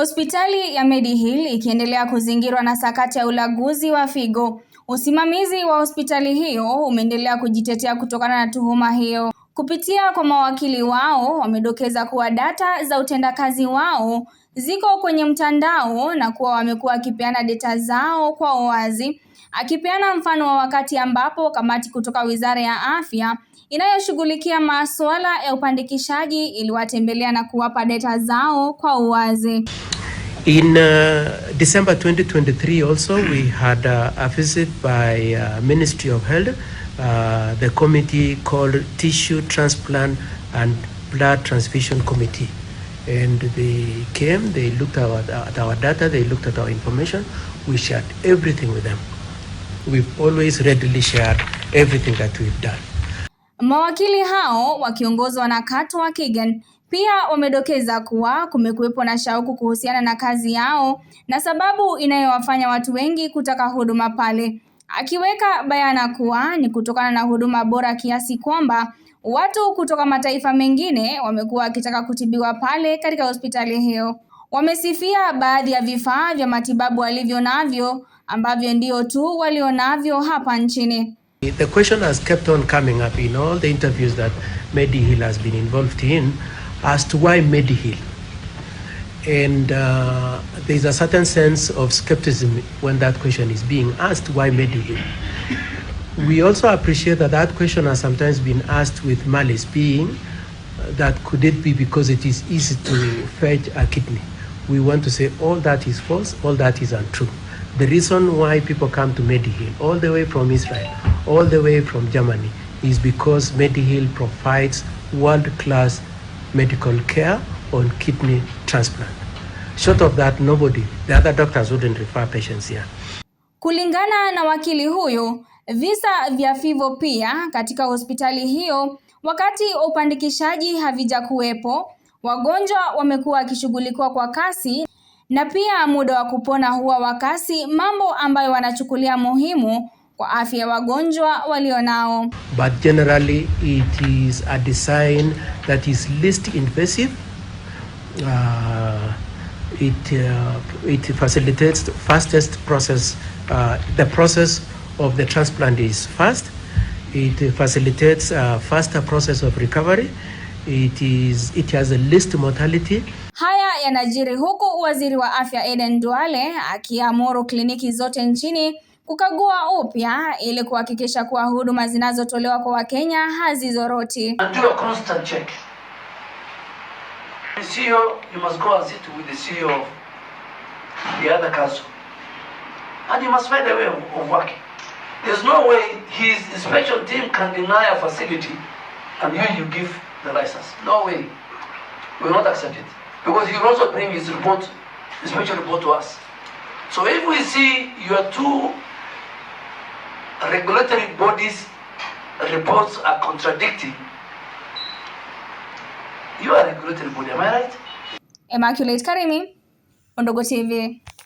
Hospitali ya Mediheal ikiendelea kuzingirwa na sakata ya ulaguzi wa figo. Usimamizi wa hospitali hiyo umeendelea kujitetea kutokana na tuhuma hiyo. Kupitia kwa mawakili wao, wamedokeza kuwa data za utendakazi wao ziko kwenye mtandao na kuwa wamekuwa wakipeana data zao kwa uwazi, akipeana mfano wa wakati ambapo kamati kutoka Wizara ya Afya inayoshughulikia masuala ya upandikishaji iliwatembelea na kuwapa data zao kwa uwazi. In uh, December 2023 also we had uh, a visit by uh, Ministry of Health uh, the committee called Tissue Transplant and Blood Transfusion Committee and they came, they looked at our, at our data, they looked at our information. We shared everything with them. We've always readily shared everything that we've done. Mawakili hao wakiongozwa na Katwa Kigen pia wamedokeza kuwa kumekuwepo na shauku kuhusiana na kazi yao na sababu inayowafanya watu wengi kutaka huduma pale akiweka bayana kuwa ni kutokana na huduma bora kiasi kwamba watu kutoka mataifa mengine wamekuwa wakitaka kutibiwa pale katika hospitali hiyo. Wamesifia baadhi ya vifaa vya matibabu walivyo navyo ambavyo ndio tu walionavyo hapa nchini. The question has kept on coming up in all the interviews that Medihill has been involved in as to why Medihill And uh, there's a certain sense of skepticism when that question is being asked why Medellin? We also appreciate that that question has sometimes been asked with malice, being uh, that could it be because it is easy to fetch a kidney? We want to say all that is false, all that is untrue. The reason why people come to Medihill, all the way from Israel, all the way from Germany, is because Medihill provides world class medical care on kidney transplant. Short of that, nobody, the other doctors wouldn't refer patients here. Kulingana na wakili huyu, visa vya fivo pia katika hospitali hiyo wakati upandikishaji havijakuwepo, wagonjwa wamekuwa wakishughulikiwa kwa kasi na pia muda wa kupona huwa wa kasi, mambo ambayo wanachukulia muhimu kwa afya ya wagonjwa walio nao. But generally it is a design that is least invasive uh, it, uh, it facilitates the fastest process. Uh, the process of the transplant is fast. It facilitates a uh, faster process of recovery. It is, it has the least mortality. Haya yanajiri huku Waziri wa Afya Eden Duale akiamuru kliniki zote nchini kukagua upya ili kuhakikisha kuwa huduma zinazotolewa kwa Wakenya hazizoroti. the CEO, you must go and sit with the CEO of the other council. And you must find a way of, of working. There's no way his inspection team can deny a facility and you you give the license. No way. We will not accept it. Because he will also bring his report, inspection report to us. So if we see your two regulatory bodies reports are contradicting, You are a regulatory body, am I right? Immaculate Karimi, Undugu TV.